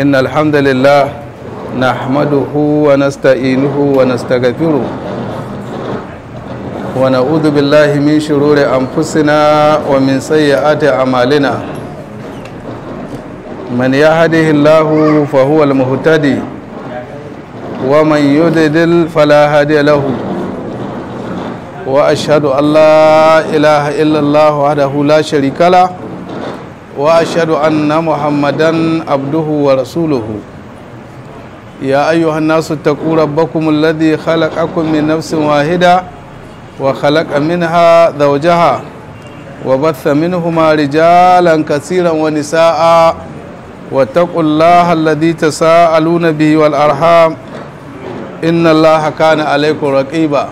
إن الحمد لله نحمده ونستعينه ونستغفره ونعوذ بالله من شرور أنفسنا ومن سيئات أعمالنا من يهده الله فهو المهتدي ومن يضلل فلا هادي له وأشهد أن لا إله إلا الله وحده لا شريك له واشهد ان محمدا عبده ورسوله يا ايها الناس اتقوا ربكم الذي خلقكم من نفس واحده وخلق منها زوجها وبث منهما رجالا كثيرا ونساء واتقوا الله الذي تساءلون به والارحام ان الله كان عليكم رقيبا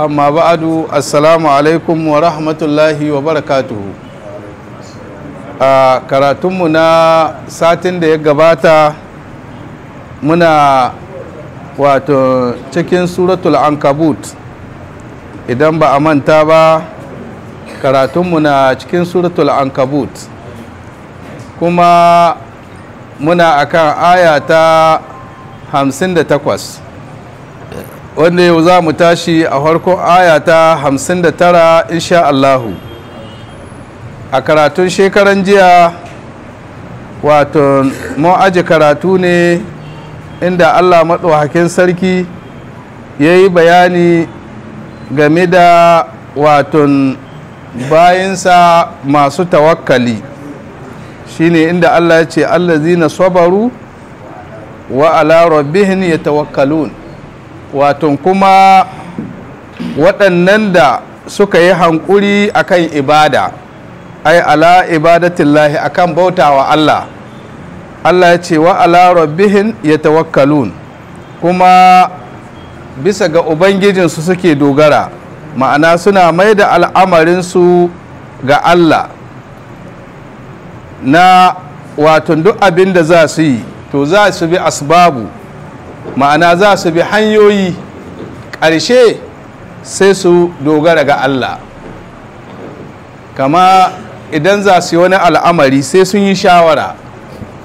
اما بعد السلام عليكم ورحمه الله وبركاته a karatunmu na satin da ya gabata muna wato cikin suratul ankabut idan ba a manta ba karatunmu na cikin suratul ankabut kuma muna akan aya ta 58 wanda yau za mu tashi a harkon ayata ta 59 insha Allahu a karatun shekaran jiya wato mun aji karatu ne inda allah maɗaukakin sarki ya yi bayani game da wato bayinsa masu tawakkali shine inda allah ya ce na sabaru wa ala rabbihin ya tawakkalun wato kuma waɗannan da suka yi hankuri akan ibada ai ala ibadatillahi akan bautawa Allah Allah ya ce wa ala rabbihin yatawakkalun kuma bisa ga ubangijinsu suke dogara ma'ana suna mai da al'amarinsu ga Allah na wato duk abin da za su yi to za su bi asbabu ma'ana za su bi hanyoyi ƙarshe sai su dogara ga Allah kama idan za su yi wani al'amari sai sun yi shawara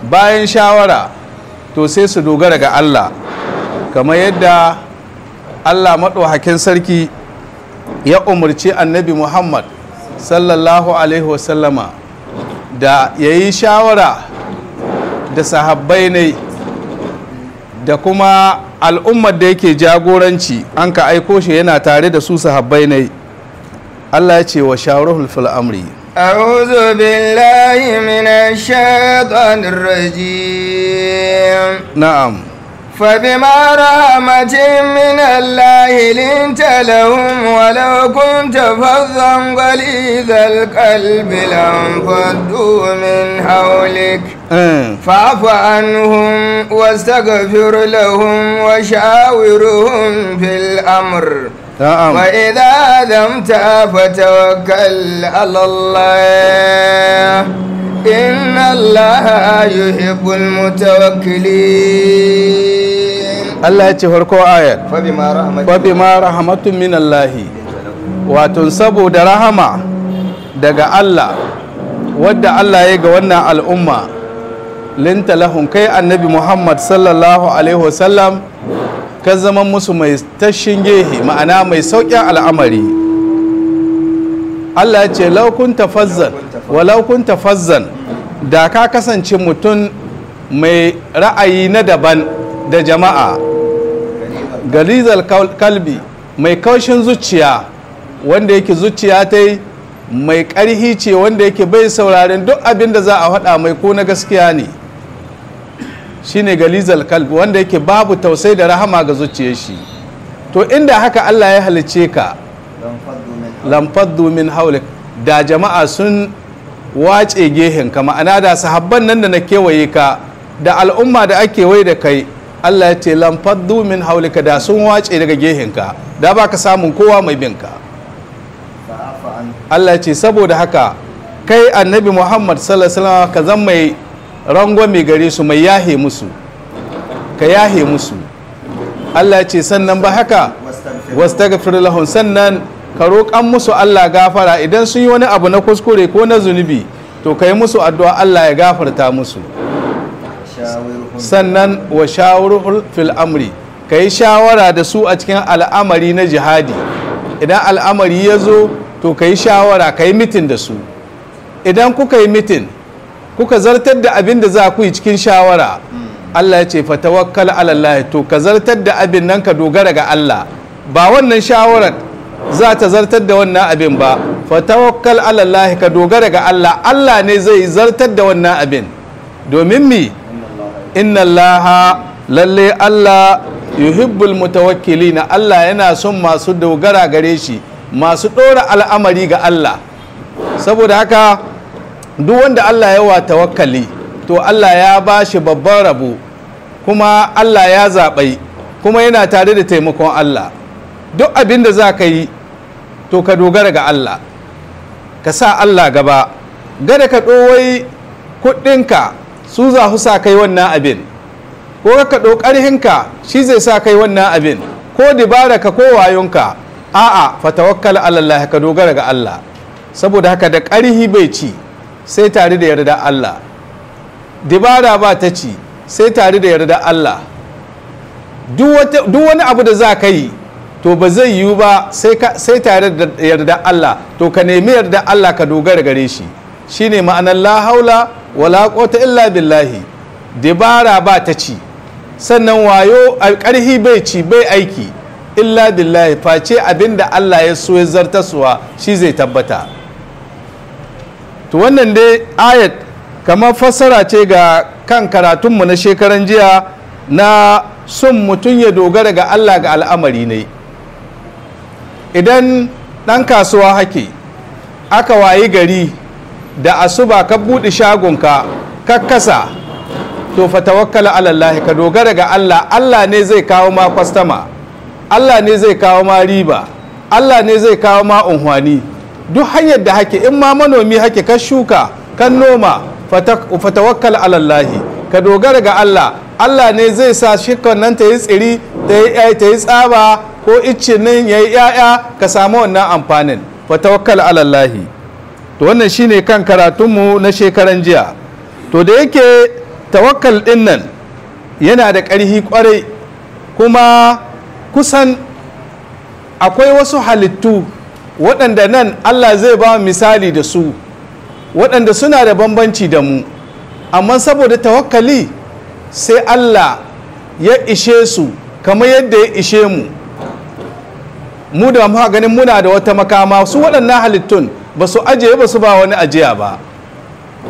bayan shawara to sai su dogara ga allah kamar yadda allah maɗauhakin sarki ya umarci annabi muhammad sallallahu alaihi wasallama da ya yi shawara da sahabbai ne da kuma al'ummar da yake jagoranci an ka aiko shi yana tare da su sahabbai ne allah ya ce wa shawarul fil أعوذ بالله من الشيطان الرجيم نعم فبما رحمة من الله لنت لهم ولو كنت فظا غليظ القلب لانفضوا من حولك إيه. فاعف عنهم واستغفر لهم وشاورهم في الأمر wa idan adam ta fi tawakali a lallai allah ya cewa kowa ayet. rabi ma rahmatun minna lahi. wa tun saboda rahama daga allah wadda allayei ga wannan al'umma lintan kai annabi muhammad SA. ka zama musu mai tashin gehe ma'ana mai sauƙin al'amari Allah ya ce laukun tafazzan wa laukun tafazzan da ka kasance mutum mai ra'ayi na daban da jama'a galizal kalbi mai kaushin zuciya wanda yake zuciya ta yi mai ƙarhi ce wanda yake bai sauraren duk abin da za a faɗa mai ko na gaskiya ne shine galizal kalb wanda yake babu tausayi da rahama ga zuciyar shi to inda haka Allah ya halice ka lamfaddu min haulik da jama'a sun wace gehen ka ma'ana da sahabban nan da na kewaye ka da al'umma da ake wai da kai Allah ya ce lamfaddu min haulika da sun wace daga gehen ka da ba ka samun kowa mai bin ka Allah ya ce saboda haka kai annabi Muhammad sallallahu alaihi wasallam ka zan mai Rangon mai gare su mai yahe musu ka yahe musu Allah ce sannan ba haka wastaghfir lahum sannan ka roƙan musu Allah gafara idan sun yi wani abu na kuskure ko na zunubi to ka yi musu addu'a Allah ya gafarta musu sannan wa shawarar fil amri ka yi shawara da su a cikin al'amari na jihadi idan al'amari ya zo to ka yi shawara ka yi mitin da su idan kuka yi mitin kuka zartar da abin da za ku yi cikin shawara Allah ya ce fatawakkal Allah to ka zartar da abin nan ka dogara ga Allah ba wannan shawarar za ta zartar da wannan abin ba fatawakkal Allah ka dogara ga Allah Allah ne zai zartar da wannan abin domin mi inna Allah lalle Allah yuhibbul mutawakkilina Allah yana son masu dogara gare shi masu ɗora al'amari ga Allah saboda haka duk wanda Allah ya wa tawakkali to Allah ya ba shi babban rabo kuma Allah ya zaɓai kuma yana tare da taimakon Allah duk abin da za ka yi to ka dogara ga Allah ka sa Allah gaba gada ka ɗowai kuɗinka su za su sa kai wannan abin ko ka ɗo ƙarhinka shi zai sa kai wannan abin ko dibara ka ko wayonka a'a fatawakkal Allah ka dogara ga Allah saboda haka da ƙarhi bai ci sai tare da yarda Allah dibara ba ta ci sai tare da yarda Allah duk wani abu da za ka yi to ba zai yiwu ba sai tare da yarda Allah to ka nemi yarda Allah ka dogara gare shi shine ma'anar la haula wala illa billahi dibara ba ta ci sannan wayo a bai ci bai aiki illa billahi face abinda Allah ya so ya zartaswa shi zai tabbata to wannan dai ayat kamar fassara ce ga kan karatunmu na shekaran jiya na son mutum ya dogara ga Allah ga al'amari ne idan ɗan kasuwa hake aka wayi gari da asuba ka buɗe shagonka kakkasa to fa tawakkala alallahi ka dogara ga Allah Allah ne zai kawo ma kwastama Allah ne zai kawo ma riba Allah ne zai kawo ma unhwani duk hanyar da hake in ma manomi hake ka shuka kan noma fatawakkal alallahi ka dogara ga Allah Allah ne zai sa shikon nan ta yi tsiri ta yi eh, tsaba ko icce nan ya yi ‘ya'ya ka samu wannan amfanin fatawakkal alallahi to wannan shine kan karatunmu na shekaran jiya to da yake tawakkal din nan yana da ƙarfi kwarai kuma kusan akwai wasu halittu waɗanda nan Allah zai ba misali da su waɗanda suna da bambanci da mu amma saboda tawakkali sai Allah ya ishe su kamar yadda ya ishe mu mu da muka ganin muna da wata makama su waɗannan halittun ba su ajiye ba su ba wani ajiya ba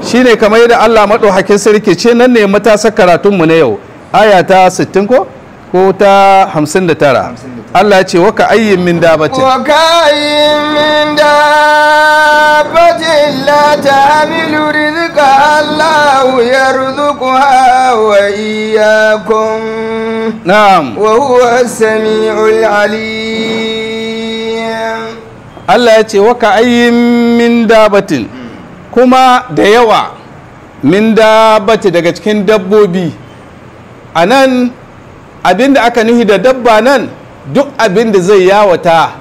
shine kamar yadda Allah maɗauhakin sarki ce nan ne matasa karatunmu na yau ayata ta 60 ko ko ta 59 Allah ya ce waka ayyin min dabati waka ayyin min dabati la tahmilu rizqa Allah rizquha wa iyyakum na'am wa huwa as-sami'ul alim Allah ya ce waka ayyin min dabatin kuma da yawa min dabati daga cikin dabbobi a nan abinda aka nuhi da dabba nan duk abin da zai yawata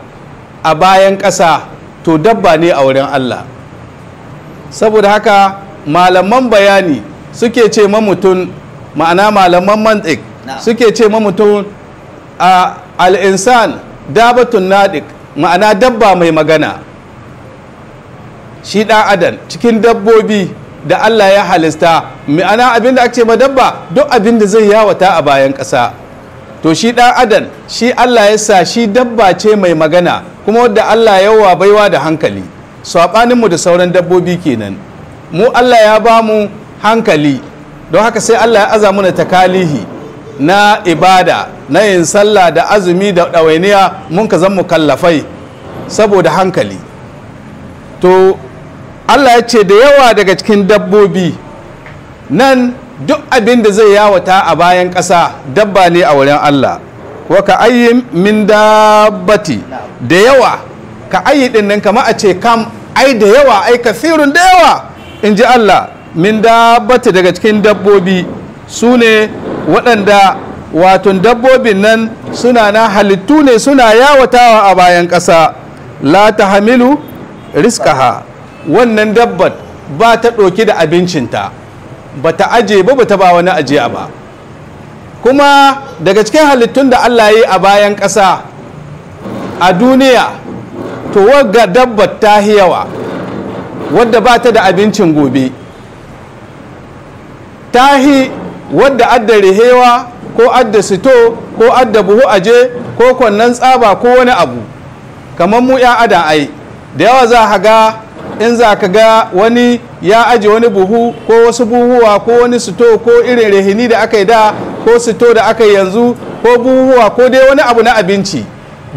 a bayan ƙasa to dabba ne a wurin Allah saboda haka malaman bayani suke ce mamutun ma'ana malaman mantik suke ce mamutun a al'insan dabatun nadik ma'ana dabba mai magana shi ɗan adam cikin dabbobi da Allah ya halista ma'ana abin da ake ma dabba duk abin da zai yawata a bayan ƙasa to shi ɗan adam shi Allah ya sa shi dabba ce mai magana kuma wadda Allah ya yawa baiwa da hankali saɓaninmu da sauran dabbobi kenan mu Allah ya ba mu hankali don haka sai Allah ya aza mana takalihi na ibada na yin sallah da azumi da ɗawainiya mun ka zan mu mukallafai saboda hankali to Allah ya ce da yawa daga cikin dabbobi nan duk abin da zai yawata a bayan ƙasa dabba ne a wurin Allah wa ka ayyin min dabbati da yawa ka ayyi din nan kama a ce kam ai da yawa ai kasirun da yawa in ji Allah min dabbati daga cikin dabbobi su ne waɗanda watan dabbobin nan suna na halittu ne suna yawatawa a bayan ƙasa la ta hamilu riskaha wannan dabbat ba ta ɗauki da abincinta ba ta aje ba ba ta ba wani ajiya ba kuma daga cikin halittun da Allah ya yi a bayan ƙasa a duniya to wagga dabbar ta yawa wadda ba ta da abincin gobe tahi wadda adda rihewa ko adda sito ko adda buhu aje ko kwannan tsaba ko wani abu kamar mu 'ya ada ai da yawa za a ga in za ka ga wani ya aje wani buhu ko wasu buhuwa ko wani sito ko irin rehini da aka yi da ko sito da aka yi yanzu ko buhuwa ko dai wani abu na abinci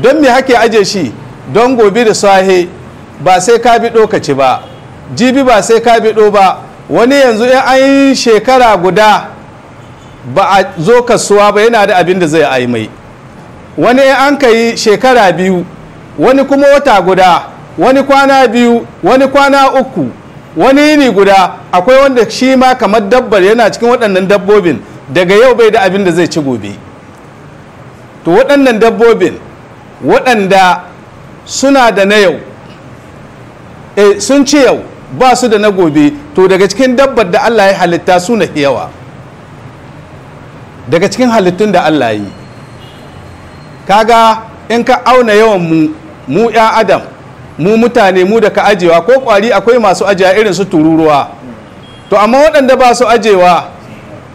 don me hake aje shi don gobe da sahe ba sai ka bi ɗokaci ba jibi ba sai ka bi ba wani yanzu in an yi shekara guda ba a zo kasuwa ba yana da abin da zai mai wani in an ka shekara biyu wani kuma wata guda wani kwana biyu wani kwana uku wani yini guda akwai wanda shi ma kamar dabbar yana cikin waɗannan dabbobin daga yau bai da abin da zai ci gobe to waɗannan dabbobin waɗanda suna da na yau e, sun ci yau ba su da na gobe to daga cikin dabbar da Allah ya halitta su na yawa daga cikin halittun da Allah yi kaga in ka auna yawan mu mu 'ya adam mu mutane mu da ka ajewa ko kwari akwai masu ajiya irin su tururuwa to amma waɗanda ba su ajewa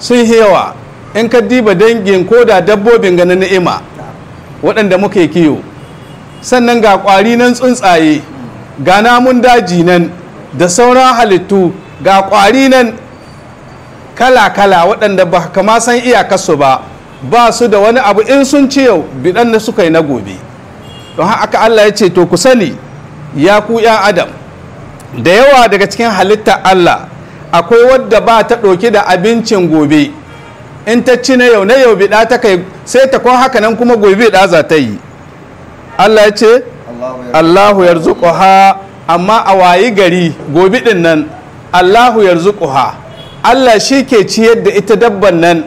sun hewa in ka diba dangin ko da dabbobin ga na ni'ima waɗanda muka kiyo sannan ga kwari nan tsuntsaye ga namun daji nan da sauran halittu ga kwari nan kala-kala waɗanda ba kama san iyakarsu ba ba su da wani abu in sun ci yau biɗan da suka yi na gobe don haka Allah ya ce to ku sani ya ku ya adam da yawa daga cikin halitta Allah akwai wadda ba ta ɗauki da abincin gobe in ta ci na yau na yau biɗa ta kai sai ta kwan haka nan kuma gobe da za ta yi Allah ya ce Allahu ha amma a wayi gari gobe ɗin nan Allahu ha Allah shi ke ci yadda ita dabban nan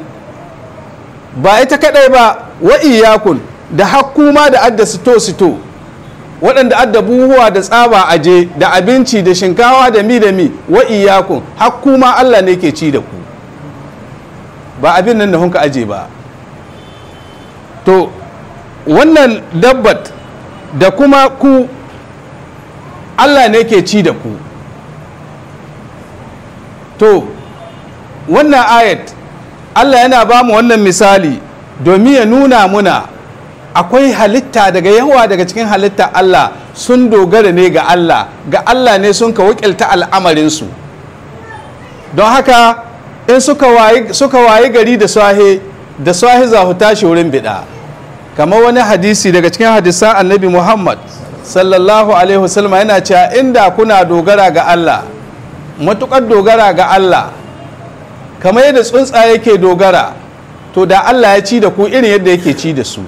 ba ita kadai ba wa iyakun da hakkuma da adda sito sito waɗanda adda buhuwa da tsaba aje da abinci da shinkawa da mi da mi wa iyakun hakku Allah ne ke ci da ku ba abin nan da hunka aje ba to wannan dabbat da kuma ku Allah ne ke ci da ku to wannan ayat Allah yana ba mu wannan misali domin ya nuna muna akwai halitta daga yawa daga cikin halitta Allah sun dogara ne ga Allah ga Allah ne sun ka wakilta al'amarinsu don haka in suka wayi gari da swahe da swahe za ku tashi wurin bida kamar wani hadisi daga cikin hadisan annabi Muhammad sallallahu alaihi wasallam yana cewa inda kuna dogara ga Allah matukar dogara ga Allah kamar yadda tsuntsaye yake dogara to da Allah ya ci da ku irin yadda yake ci da su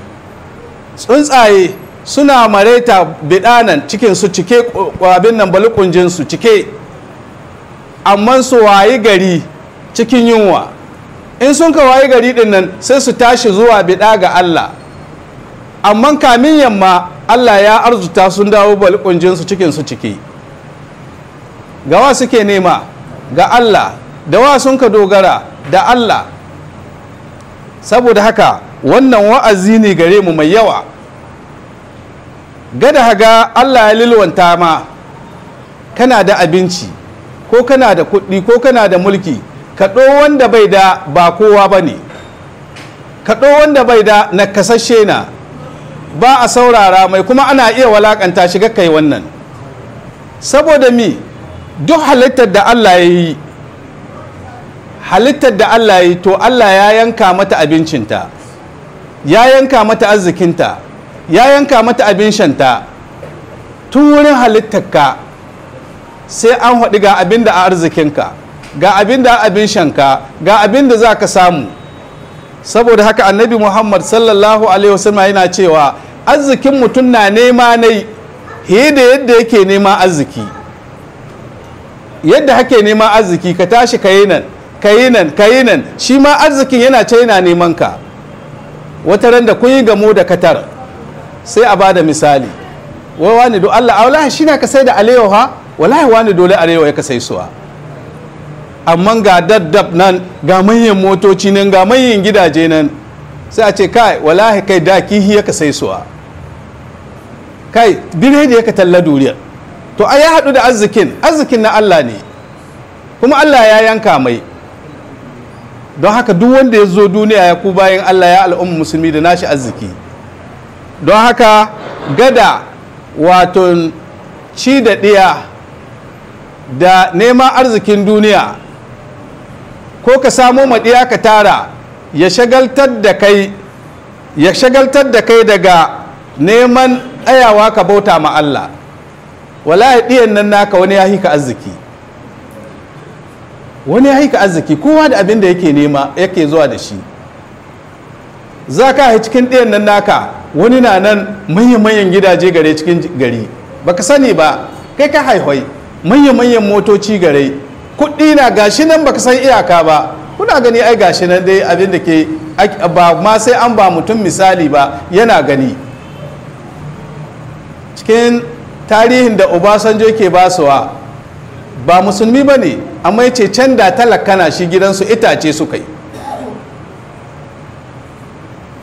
tsuntsaye suna mareta bidanan cikinsu cike abin nan balukunjinsu cike amma su wayi gari cikin yunwa in sun ka wayi gari din nan sai su tashi zuwa bida ga Allah amma kamin yamma Allah ya arzuta sun dawo balukunjinsu cikinsu cike Ga wa suke nema ga Allah da wa sun ka dogara da Allah saboda haka wannan wa'azi ne gare mu mai yawa gada haga allah ya lilwanta ma kana da abinci ko kana da kuɗi ko kana da mulki kaɗo wanda bai da ba kowa ba ne kaɗo wanda bai da nakasashe na ba a saurara mai kuma ana iya walakanta shiga kai wannan saboda mi duk halittar da allah ya yi halittar da allah ya yi to allah ya yanka mata abincinta ya yanka mata arzikinta ya yanka mata abin shanta tun wurin halittarka sai an haɗu ga abin da a arzikinka ga abin da abin shanka ga abin da za ka samu saboda haka annabi muhammad sallallahu alaihi wasallam yana cewa arzikin mutum na nema ne da yadda yake nema arziki yadda hake nema arziki ka tashi ka yi nan ka yi nan ka yi nan shi ma arzikin yana ce yana neman ka wata ran da kun yi gamo da katar sai a bada misali wai wani do Allah wallahi shi na ka sai da alewa ha wallahi wani dole alewa ya ka sai suwa amma ga daddab nan ga manyan motoci nan ga manyan gidaje nan sai a ce kai wallahi kai da kihi ya ka sai suwa kai birhe ya ka talla duriyar to ai ya haɗu da arzikin arzikin na Allah ne kuma Allah ya yanka mai don haka duk wanda ya zo duniya ya ku bayan Allah ya al'umma musulmi da nashi arziki don haka gada wato ci da ɗiya da neman arzikin duniya ko ka samo maɗiya ka tara ya shagaltar da kai ya shagaltar da kai daga neman tsayawa ka bauta ma Allah wala ya ɗiyan nan naka wani ya hika arziki wani ya haika arziki kowa da abin da yake nema yake zuwa da shi za ka cikin ɗayan nan naka wani na nan manyan-manyan gidaje gare cikin gari ba ka sani ba kai ka haihwai manyan-manyan motoci gare kuɗi na gashi nan ba ka san iyaka ba kuna gani ai gashi nan dai abin da ke ba ma sai an ba mutum misali ba yana gani cikin tarihin da obasanjo ke basuwa ba musulmi ba ne amma ya ce can da talakana shi gidansu itace suka yi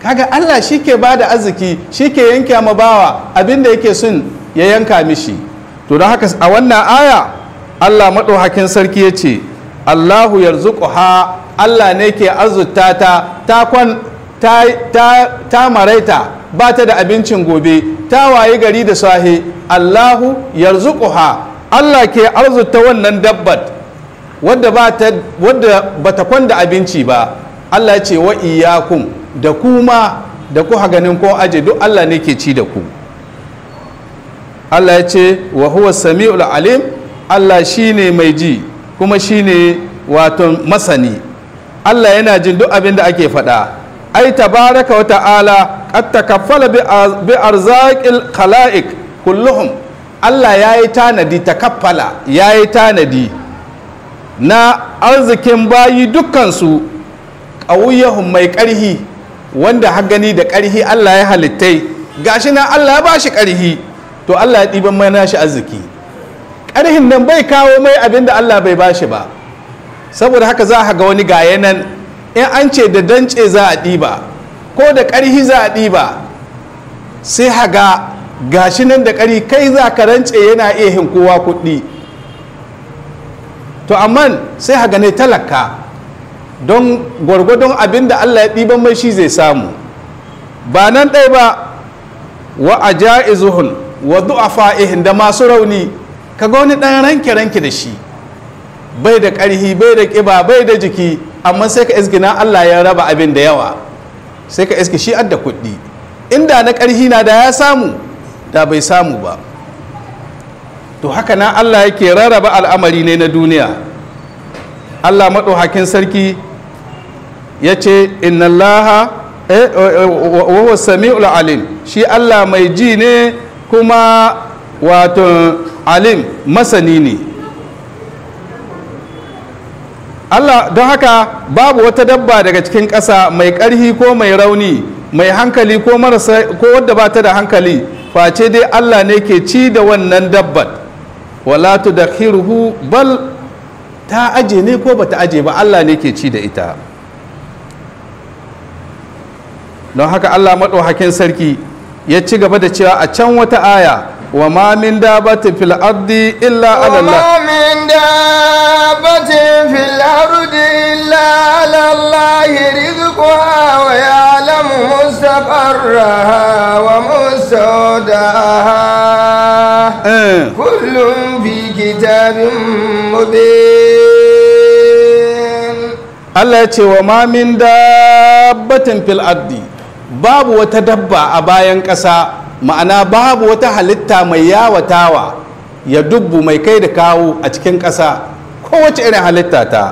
kaga allah shi ke ba da arziki shi ke yanke ma bawa abinda yake sun ya yanka mishi to don haka a wannan aya allah maɗauhakin sarki ya ce allahu ha allah ne ke azurta ta ta ta, ta, maraita ba ta da abincin gobe ta waye gari da sahe allahu ha Allah ke arzuta wannan dabbat wadda ba ta kwanda abinci ba Allah ce wa iyakun da kuma da ku haganin ko aje duk Allah ne ke ci da ku Allah ya ce wa huwa sami'ul alim Allah shine mai ji kuma shine wato masani Allah yana jin duk abin da ake faɗa ai tabaraka wa ta'ala qad takaffala bi arzaqil khalaiq kulluhum Allah ya yi tanadi takaffala ya yi tanadi na arzikin bayi dukkansu ƙauyahun mai ƙarhi wanda hagani da ƙarhi Allah ya halittai gashi na Allah ya ba shi ƙarhi to Allah ya ɗiban mai nashi arziki ƙarhin nan bai kawo mai abin da Allah bai ba shi ba saboda haka za a ga wani gaya nan in an ce da dance za a ɗiba ko da ƙarhi za a ɗiba sai haga gashi nan da kari kai za ka rance yana iya hin kowa kuɗi to amma sai haga ne talaka don gwargwadon abin da allah ya ɗiban mai shi zai samu ba nan ɗai ba wa a ja'izuhun wa ihin da masu rauni Ka ga wani ɗan ranke-ranke da shi bai da ƙarhi bai da ƙiba bai da jiki amma sai ka iski na allah ya raba abin da yawa sai ka iski shi adda kuɗi inda na ƙarhi na da ya samu da bai samu ba to haka na allah yake rarraba al'amari ne na duniya allah maɗauhakin sarki ya ce innallaha eh, eh, eh, wahuwa sami'ul alim shi allah mai ji ne kuma wato alim masani ne allah don haka babu wata dabba daga cikin ƙasa mai ƙarhi ko mai rauni mai hankali ko wadda ba ta da hankali face dai Allah ne ke ci da wannan dabbat wala tudakhiruhu bal ta aje ne ko ba ta aje ba Allah ne ke ci da ita don haka Allah maɗauhakin sarki ya ci gaba da cewa a can wata aya wa ma min dabati fil ardi illa ala Allah wa ma min dabati fil ardi illa ala Allah wa ya'lamu wa eh. kullun mubin Allah ya ce wa ma min dabatin fil ardi babu wata dabba a bayan ƙasa ma'ana babu wata halitta mai yawatawa ya dubbu mai kai da kawo a cikin ƙasa kowace irin halitta ta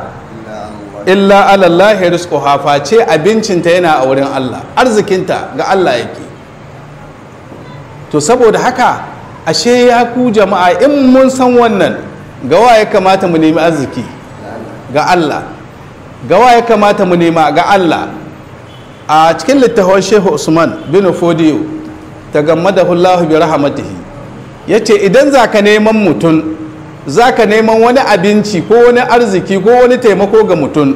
illa alallahi risko hafa ce abincinta yana a wurin Allah arzikinta ga Allah yake to saboda haka ashe ya ku jama'a in mun san wannan gawa ya kamata mu nemi arziki ga Allah gawa ya kamata mu nema ga Allah a cikin littafin Shehu Usman bin Fodiyo ta da hulahu bi rahmatihi ce idan za ka neman mutum za ka neman wani abinci ko wani arziki ko wani taimako ga mutum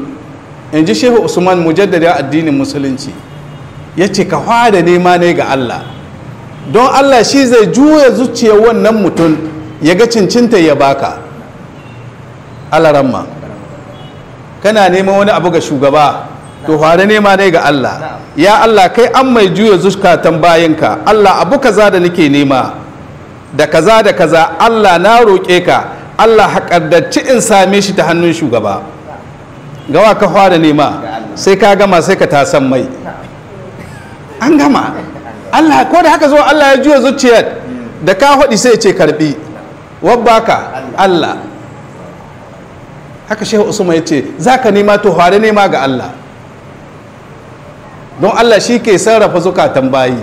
in ji shehu usman mujaddada addinin musulunci ya ce ka fara nema ne ga allah don allah shi zai juya zuciyar wannan mutum ya ga cincinta ya baka alaramma kana neman wani abu ga shugaba to fara nema ne ga Allah ya Allah kai an mai juya zukatan bayanka Allah abu kaza da nake nema da kaza da kaza Allah na roƙe ka Allah haƙaddaci in same shi ta hannun shugaba gawa ka fara nema sai ka gama sai ka tasan mai an gama Allah ko da haka zo Allah ya juya zuciyar da ka haɗi sai ce karbi wabbaka Allah haka shehu usman ya ce za ka nema to fara nema ga Allah don Allah shi ke sarrafa zukatan bayi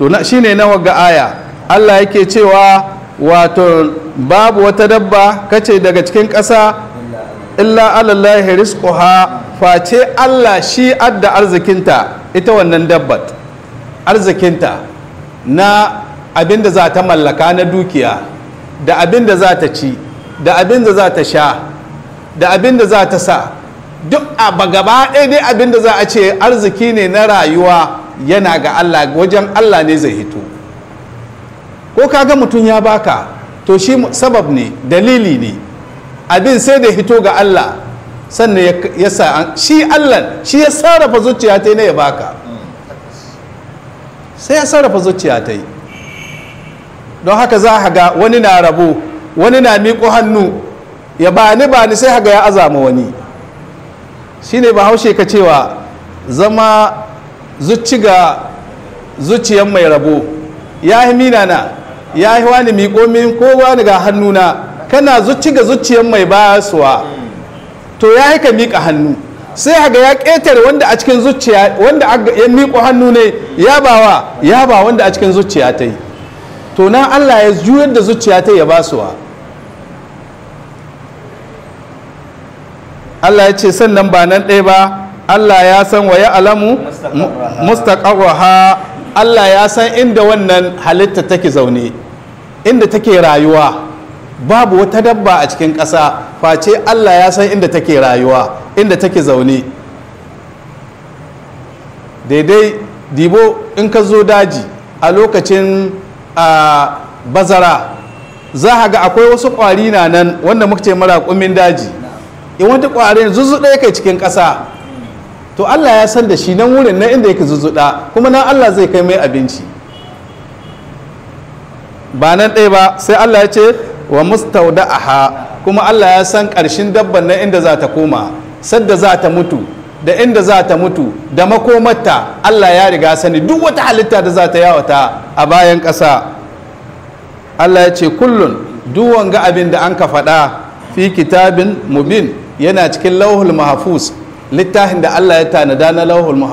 to shi ne na waga aya Allah yake cewa wato babu wata dabba kace daga cikin ƙasa illa alallahi rizquha face Allah shi adda arzikinta ita wannan dabbat arzikinta na abin da za ta mallaka na dukiya da abin da za ta ci da abin da za ta sha da abin da za ta sa duk a gaba ɗaya dai abin da za a ce arziki ne na rayuwa yana ga Allah wajen Allah ne zai hito ko kaga mutum ya baka to shi sabab ne dalili ne abin sai da hito ga Allah sannan ya sa shi Allah shi ya sarrafa zuciya ta yi na ya baka sai ya sarrafa zuciya ta yi don haka za a ga wani na rabo wani na miƙo hannu ya bani bani sai haga ya azama wani shine bahaushe ka cewa zama zuci ga zuciyan mai rabo ya yi minana ya yi wani miƙomin ko wani ga hannuna kana zuci ga zuciyan mai basuwa to ya yi ka miƙa hannu sai ga ya ƙetare wanda a cikin zuciya wanda ya miƙo hannu ne ya bawa ya ba wanda a cikin zuciya ta yi to na allah ya juyar da zuciya ta ya basuwa Allah ya ce sannan ba nan ɗaya ba Allah ya san wa alamu mustaqarraha Allah ya san inda wannan halitta take zaune inda take rayuwa babu wata dabba a cikin ƙasa face Allah ya san inda take rayuwa inda take zaune daidai dibo in ka zo daji a lokacin bazara za a ga akwai wasu ƙwari na nan wanda muka ce mara daji in wata ƙwari zuzzuɗa kai cikin ƙasa to Allah ya san da shi nan wurin na inda yake zuzuɗa. kuma nan Allah zai kai mai abinci ba nan ɗaya ba sai Allah ya ce wa mustaudaha kuma Allah ya san ƙarshen dabban na inda za ta koma sadda za ta mutu da inda za ta mutu da makomarta Allah ya riga sani duk wata halitta da za ta yawata a bayan ƙasa Allah ya ce kullun duk wanga abin da an ka faɗa fi kitabin mubin yana cikin lauhul mahafuz littafin da Allah ya tanada na lauhul mu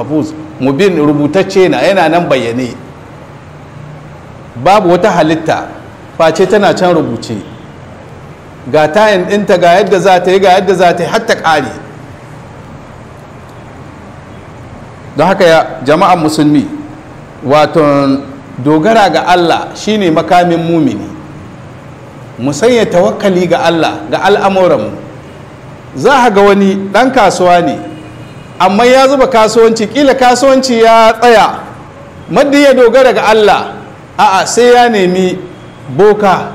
mubin rubutacce na yana nan bayyane babu wata halitta face tana can rubuce ga tayin ɗinta ga yadda za ta yi ga yadda za ta yi hatta ƙare don haka ya jama'an musulmi waton dogara ga Allah shine makamin mumini sanya tawakkali ga Allah ga al'amuranmu za a ga wani ɗan kasuwa ne amma ya zuba kasuwanci kila kasuwanci ya tsaya maddi ya dogara ga allah a'a sai ya nemi boka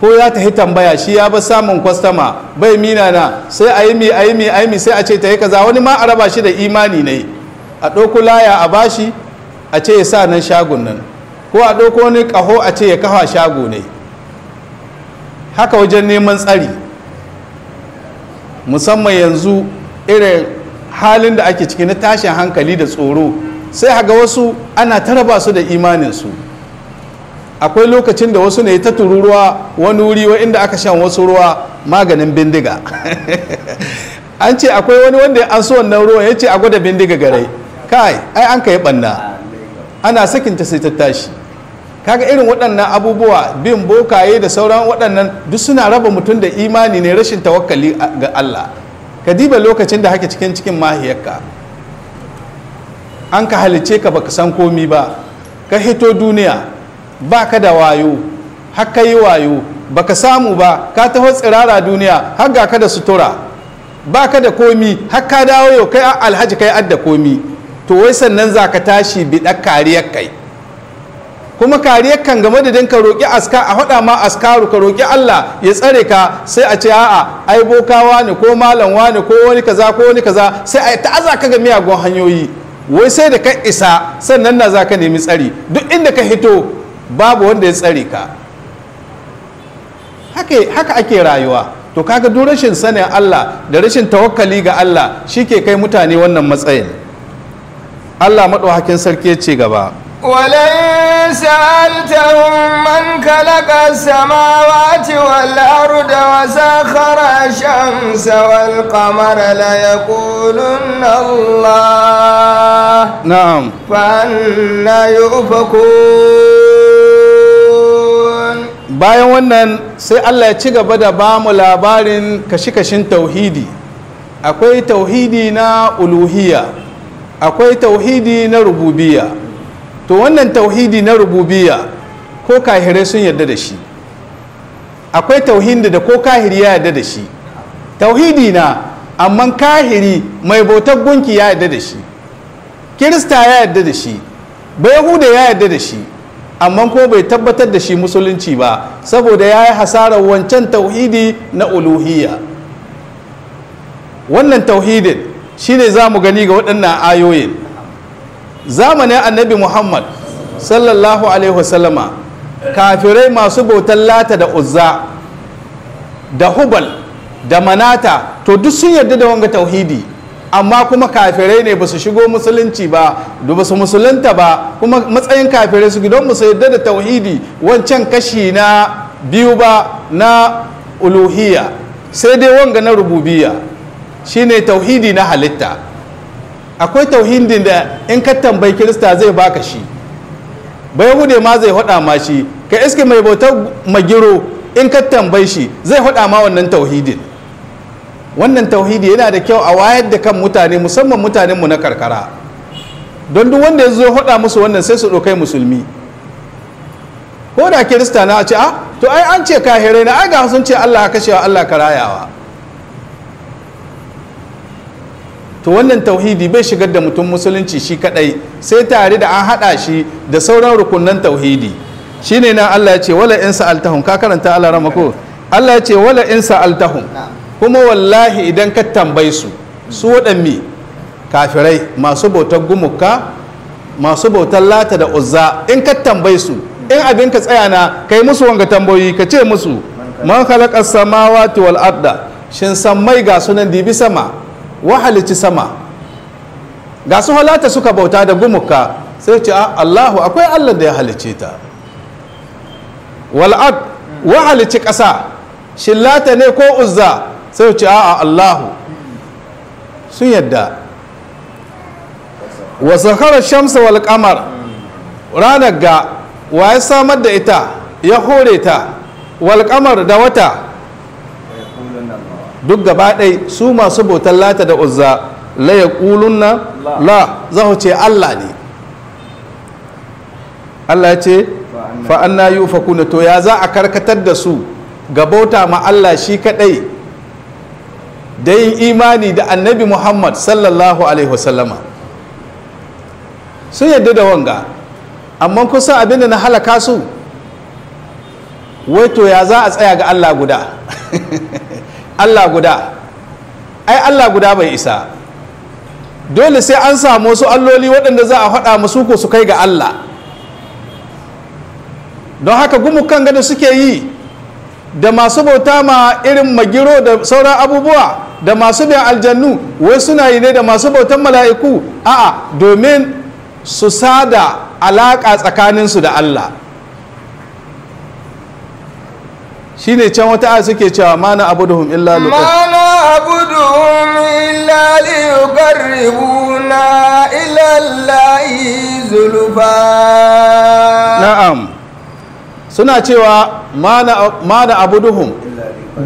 ko ya tafi tambaya shi ya ba samun kwastama bai mina na sai a yi mi a yi mi a yi mi sai a ce ta yi kaza wani ma a raba shi da imani ne a ɗauko laya a bashi a ce ya sa nan shagon nan ko a ɗauko wani ƙaho a ce ya kafa shago ne haka wajen neman tsari musamman yanzu irin halin da ake ciki na tashin hankali da tsoro sai haga wasu ana taraba su da imaninsu akwai lokacin da wasu ne ta tururuwa wani wuri inda aka shan wasu ruwa maganin bindiga an ce akwai wani wanda an so wannan ruwa ya ce a gwada bindiga gare kai ai an ka yi banna ana sakinta sai ta tashi kaga irin waɗannan abubuwa bin bokaye da sauran waɗannan duk suna raba mutum da imani ne rashin tawakkali ga Allah ka diba lokacin da hake cikin cikin mahiyarka an ka halice ka baka san komi ba ka hito duniya ba ka da wayo har yi wayo ba ka samu ba ka taho tsirara duniya har ga ka da sutura ba ka da komi har ka dawo yau kai alhaji kai adda komi to wai sannan za ka tashi biɗa kariyar kai kuma kariyar kan game da dinka roƙi aska a haɗa ma askaru ka roƙi Allah ya tsare ka sai a ce a'a ai bokawa ne ko malam ne ko wani kaza ko wani kaza sai a ta'aza ka ga miyagun hanyoyi wai sai da ka isa sannan na za ka nemi tsari duk inda ka hito babu wanda ya tsare ka haka ake rayuwa to kaga duk rashin sanin Allah da rashin tawakkali ga Allah shi ke kai mutane wannan matsayin Allah maɗauhakin sarki ya ce gaba ولئن سألتهم من خلق السماوات والأرض وسخر الشمس والقمر ليقولن الله نعم فأنا يؤفكون bayan wannan sai Allah ya ci gaba da ba mu labarin kashe-kashen tauhidi akwai tauhidi na uluhiya, akwai tauhidi na rububiyya to wannan tauhidi na rububiya ko kahirai sun yarda da shi akwai tauhidi da ko kahiri ya yarda da shi tauhidi na amma kahiri mai bautar gunki ya yarda da shi kirista ya yarda da shi bayahuda ya yarda da shi amma ko bai tabbatar da shi musulunci ba saboda ya yi hasarar wancan tauhidi na uluhiyya wannan tauhidin shine za mu gani ga waɗannan ayoyin zamanin annabi muhammad sallallahu alaihi wasallama kafirai masu bautan lata da uzza da hubal da manata to duk sun yarda da wanga tauhidi amma kuma kafirai ne ba su shigo musulunci ba da ba su musulunta ba kuma matsayin kafirai su gidan musu yarda da tauhidi wancan kashi na biyu ba na uluhiya, sai dai wanga na rububiyya shine tauhidi na halitta akwai tauhidin da in ka tambayi kirista zai baka shi bai hude ma zai hada ma shi ka iske mai bautar magiro in ka tambayi shi zai hada ma wannan tauhidin wannan tauhidi yana da kyau a wayar da kan mutane musamman mutanenmu na karkara don duk wanda ya zo hada musu wannan sai su ɗaukai musulmi ko da kirista na ce a ah, to ai an ce kahirai na ai ga sun ce allah kashewa allah ka rayawa. to wannan tauhidi bai shigar da mutum musulunci shi kadai sai tare da an hada shi da sauran rukunan tauhidi shine na Allah ya ce wala in sa'altahum ka karanta Allah ramako Allah ya ce wala in sa'altahum kuma wallahi idan ka tambaye su su waɗanne kafirai masu bautar gumuka masu bautar lata da uzza in ka tambaye su in abin ka tsaya na kai musu wanga tambayoyi ka ce musu man khalaqa samawati wal arda shin sammai ga sunan dibi sama wa sama ga su halata suka bauta da gumuka sai ce ah, Allahu akwai Allah da ya halice ta wal'ad wa halici ƙasa shillata ne ko uzza sai ce a'a ah, Allahu sun yadda wa sakarar shamsa wal kamar ranar ga wa ya samar da ita ya hore ta wal kamar da wata duk gaba ɗai su masu bautar lata da uzza la ya nan la za ku ce allah ne allah ce fa'anna yi fakuna to ya za a karkatar da su ga bauta ma allah shi kaɗai da yin imani da annabi muhammad sallallahu alaihi wasallama sun yadda da wanga amma kusan abinda na halaka su wai to ya za a tsaya ga allah guda Allah guda ai Allah guda bai isa dole sai an samu wasu alloli waɗanda za a faɗa musu ko su kai ga Allah don haka gumukan gada suke yi da masu bauta ma irin magiro da sauran abubuwa da masu bin aljannu wai suna yi ne da masu bautan mala'iku a'a domin su sada alaƙa tsakaninsu da Allah Shi ne can wata a suke cewa mana hun illa luqar mana abuduhum illa liyuqarribuna ila allahi zulufa na'am suna cewa mana da hun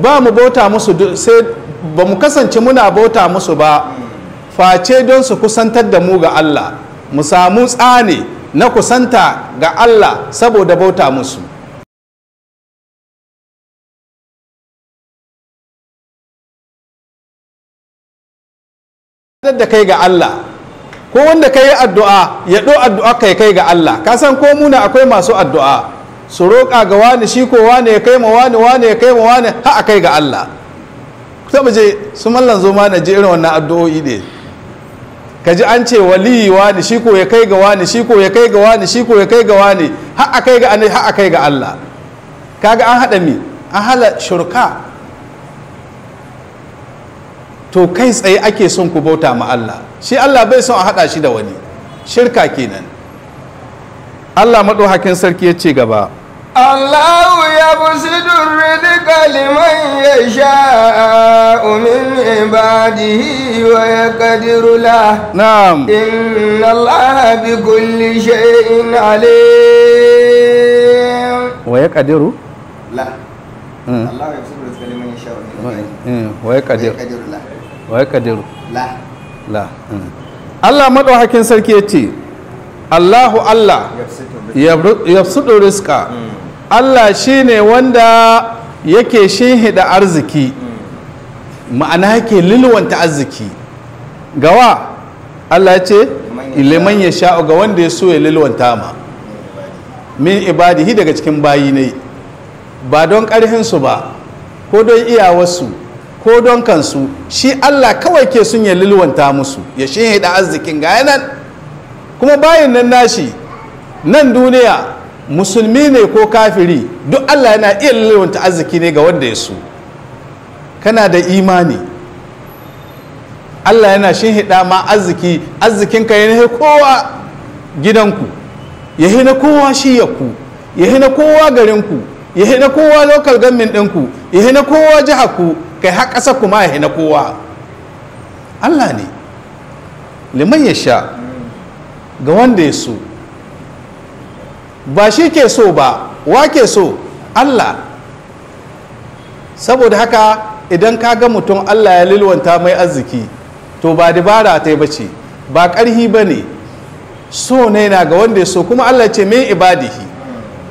ba mu bauta musu sai ba mu kasance muna bauta musu ba face don su kusantar da mu ga Allah mu samu tsane na kusanta ga Allah saboda bauta musu kusantar da kai ga Allah ko wanda ka yi addu'a ya ɗo addu'a kai kai ga Allah ka san ko muna akwai masu addu'a su roƙa ga wani shi ko wani ya kai ma wani wani ya kai ma wani ha a kai ga Allah taɓa je su mallan zo ma na ji irin wannan addu'o'i ne ka ji an ce waliyi wani shi ko ya kai ga wani shi ko ya kai ga wani shi ko ya kai ga wani ha a kai ga Allah kaga an haɗa mi an hala shurka to kai tsaye ake son ku bauta ma Allah shi Allah bai son a haɗa shi da wani shirka kenan Allah maɗauhakin sarki ya ce gaba Allah ya busidu rizqa liman yasha'u min ibadihi wa yaqdiru la na'am inna Allah bi kulli shay'in alim wa yaqdiru la hmm. Allah ya busidu rizqa liman yasha'u min hmm. ibadihi wa hmm. yaqdiru la wa kadiru la la hmm. Allah maɗaukakin sarki ya ce Allahu Allah ya suɗu riska hmm. Allah shi ne wanda yake da arziki hmm. ma'ana yake lilwanta arziki gawa Allah ce iliman ya sha'u ga wanda ya so ya lilwanta ma min ibadihi daga cikin bayi ne ba don ƙarhinsu ba ko don iyawarsu ko don kansu shi Allah kawai ke sun ya lulwanta musu ya shi da arzikin ga nan kuma bayan nan nashi nan duniya musulmi ne ko kafiri duk Allah yana iya lulwanta arziki ne ga wanda ya so kana da imani Allah yana shi da ma arziki arzikinka ya kowa gidanku ya na kowa shiyarku ya na kowa garinku ya na kowa lokal ɗinku ya na kowa jihar ku kai har ƙasa kuma ya na kowa allah ne liman ya sha ga wanda ya so ba shi ke so ba wa ke so allah saboda haka idan ka ga mutum allah ya lilwanta mai arziki to ba dabara ta yi bace ba ƙarhi ba ne so ne na ga wanda ya so kuma allah ce min ibadihi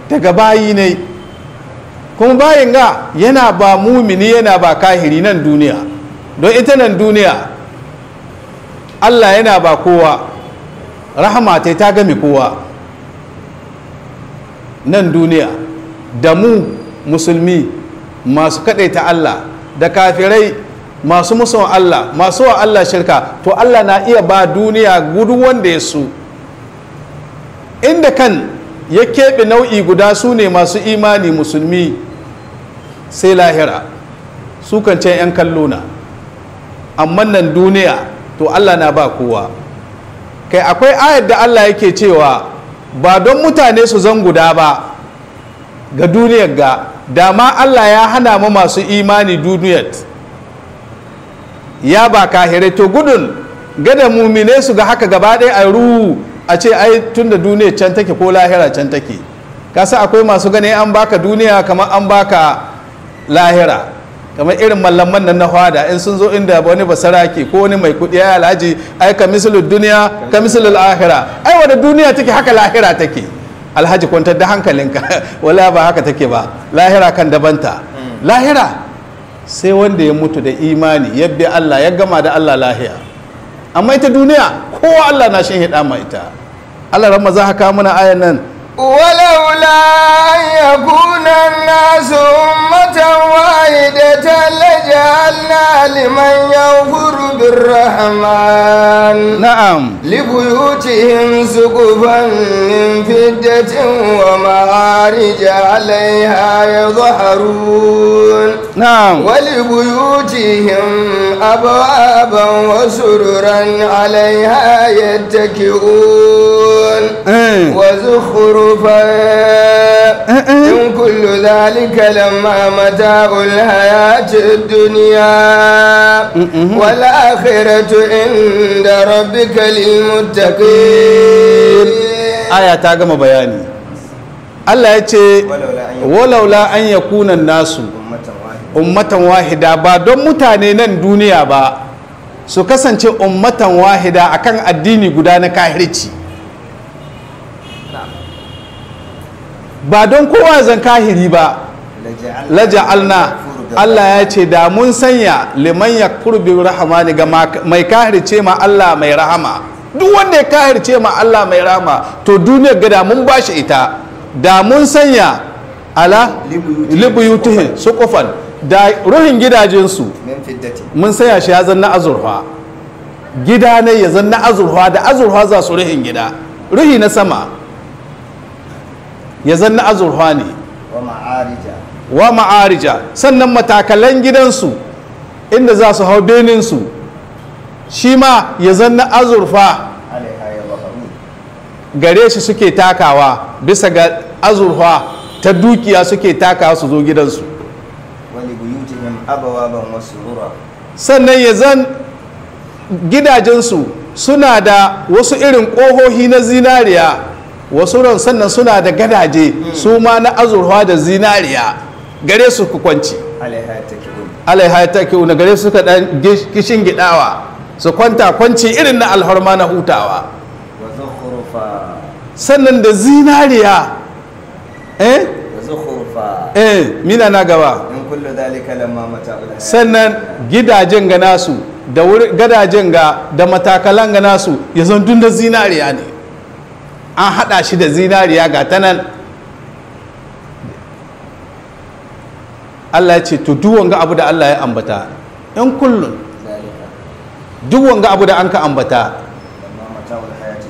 daga bayi ne kuma bayan ga yana ba mumini yana ba kahiri nan duniya don ita nan duniya allah yana ba kowa rahama ta ta gami kowa nan duniya da mu musulmi masu ta allah da kafirai masu musulun allah masu wa allah shirka to allah na iya ba duniya gudu wanda ya su inda kan ya keɓe nau'i guda su ne masu imani musulmi sai lahira su can 'yan kallo na amma nan duniya to allah na ba kowa kai akwai ayar da allah yake cewa ba don mutane su zan guda ba ga duniyar ga dama allah ya hana mu masu imani duniyar ya ba kahirai to gudun gada mumine su ga haka gaba ɗaya a ruhu a ce ai tun da duniyar can take ko lahira can take kasa akwai masu gane an baka duniya kamar an baka lahira kamar irin mallaman nan na hwada in sun zo inda wani basaraki ko wani mai kudi ya alhaji ai ka misalul duniya ka misalul lahira ai wani duniya take haka lahira take alhaji kwantar da hankalinka wala ba haka take ba lahira kan dabanta lahira sai wanda ya mutu da imani ya bi Allah ya gama da Allah lahiya amma ita duniya kowa Allah na shin hida ma ita Allah ramma za ka kawo mana ayan nan ولولا أن يكون الناس أمة واحدة لجعلنا لمن يغفر بالرحمن نعم لبيوتهم سقفا من فدة ومعارج عليها يظهرون نعم ولبيوتهم أبوابا وسررا عليها يتكئون وزخرفا سوفاء إن كل ذلك لما متاع الحياة الدنيا والآخرة عند ربك للمتقين آية تاقم بياني الله يتي ولولا أن يكون الناس أمة واحدة ba don mutane nan duniya ba su kasance ummatan wahida akan addini guda na kahirci ba don kowa zan kahiri ba laja'alna Allah ya ce da mun sanya liman ya kurbi ne ga mai kahirce ma Allah mai rahama duk wanda ya kahirce ma Allah mai rahama to duniyar gada da mun bashi ita da mun sanya ala libuyutihin su kofan da ruhin gidajensu mun sanya shi ya zanna azurfa gida ne ya zanna azurfa da azurfa za su ruhin gida ruhi na sama ya zanna azurfa ne wa ma'arija sannan matakalan gidansu inda za su hau beninsu shi ma ya zanna azurfa gare shi suke takawa bisa ga azurfa ta dukiya suke takawa su zo gidansu sannan ya zan gidajensu suna da wasu irin ƙohohi na zinariya wasu ran sannan suna da gadaje su ma na azurwa da zinariya gare su ku kwanci alaiha ta kiwu na gare su ka dan kishin gidawa su kwanta kwanci irin na alharma na hutawa sannan da zinariya eh eh mina na gaba sannan gidajen ga nasu da gadajen ga da matakalan ga nasu ya zan dunda da zinariya ne an haɗa shi da zinariya ga ta nan Allah ya ce to duk wanga abu da Allah ya ambata in kullun duk wanga abu da an ka ambata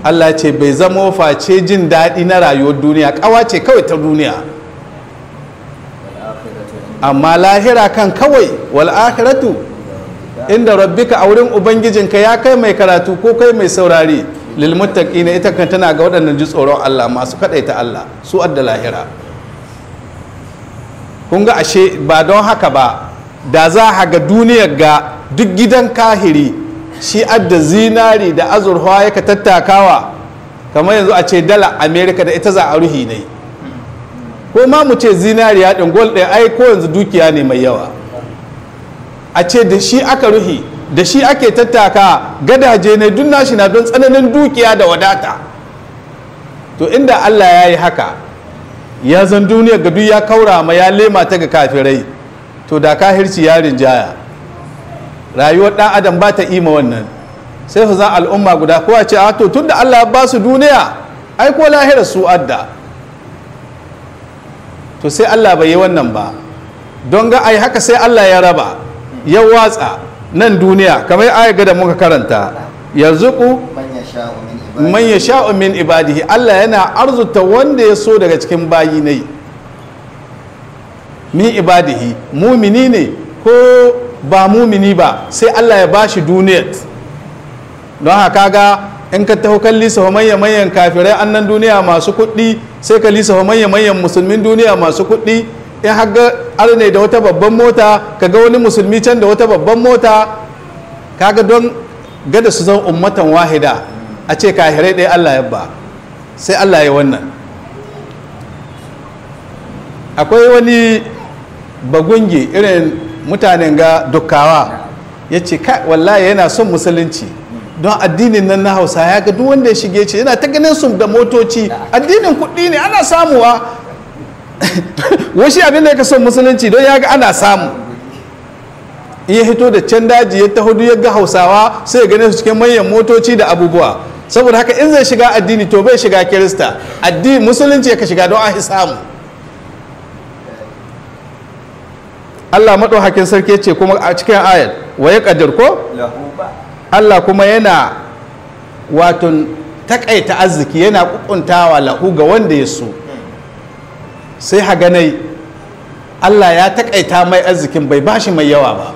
Allah ya ce bai zama face jin daɗi na rayuwar duniya ƙawa ce kawai ta duniya amma lahira kan kawai wal akhiratu inda rabbika a wurin ubangijinka ya kai mai karatu ko kai mai saurari lilmuttaki ne ita kan tana ga waɗannan ji tsoron Allah masu ta Allah su adda lahira kun ga ashe ba don haka ba da za a ga duniyar ga duk gidan kahiri shi adda zinari da azurfa ka tattakawa kamar yanzu a ce dala amerika da ita za a ruhi ne ko ma mu ce zinari ya ɗin gwal ɗaya ai ko yanzu dukiya ne mai yawa a ce da shi aka ruhi da shi ake tattaka gadaje ne duk nashi na don tsananin dukiya da wadata to inda Allah ya yi haka ya zan duniya ga duk ya kaura ma ya lema ta ga kafirai to da kahirci ya rinjaya rayuwar dan adam ba ta ima wannan sai fa za al'umma guda kowa ce a ah, to tunda Allah ya ba su duniya ai ko lahirar su adda to sai Allah bai yi wannan ba don ga ai haka sai Allah ya raba ya watsa nan duniya kamar ayaga da muka karanta yanzu man manya min ibadihi Allah yana arzuta wanda ya so daga cikin bayi ne min ibadihi mumini ne ko ba mumini ba sai Allah ya bashi duniya don haka ga in ka taho kan lisa manya manyan kafirai annan duniya masu kuɗi sai ka lisa manya manyan musulmin duniya masu kuɗi in haga arne da wata babban mota ka ga wani musulmi can da wata babban mota kaga don gada su zan ummatan wahida a ce kahirai ɗaya allah ya ba sai allah ya wannan akwai wani bagunge irin mutanen ga dukkawa ya ce wallahi yana son musulunci don addinin nan na hausa ya ga duk wanda ya shige ce yana ta ganin su da motoci addinin kuɗi ne ana samuwa washi abin da ya son musulunci don ya ga ana samu iya hito da can daji ya ta hudu ya ga hausawa sai ya gane su cikin manyan motoci da abubuwa saboda haka in zai shiga addini to bai shiga kirista addini musulunci ya ka shiga don ahi samu Allah maɗaukakin sarki ce kuma a cikin ayat wa ya ƙadir ko? Allah kuma yana wato takaita arziki yana kukuntawa lahu ga wanda ya so sai haganai Allah ya takaita mai arzikin bai bashi mai yawa ba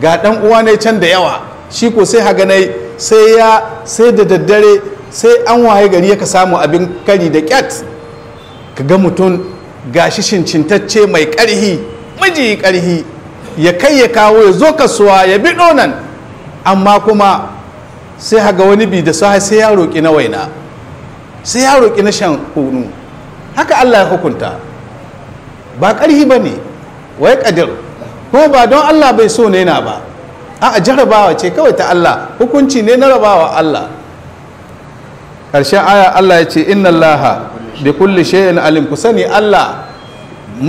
ga dan uwa ne can da yawa shi ko sai haganai sai ya sai da daddare sai an waye gari ka samu abin kari da kyat ka ga mutum gashi shincintacce mai ƙarhi miji karhi ya kai ya kawo ya zo kasuwa ya bi nan amma kuma sai haga wani bi da sai ya roƙi na waina sai ya roƙi na shan kunu haka Allah ya hukunta ba ƙarhi ba ne wai ƙadir ko ba don Allah bai so ne na ba a jarabawa ce kawai ta Allah hukunci ne na rabawa Allah ƙarshen aya Allah ya ce inna laha bi kulli shay'in alim ku sani Allah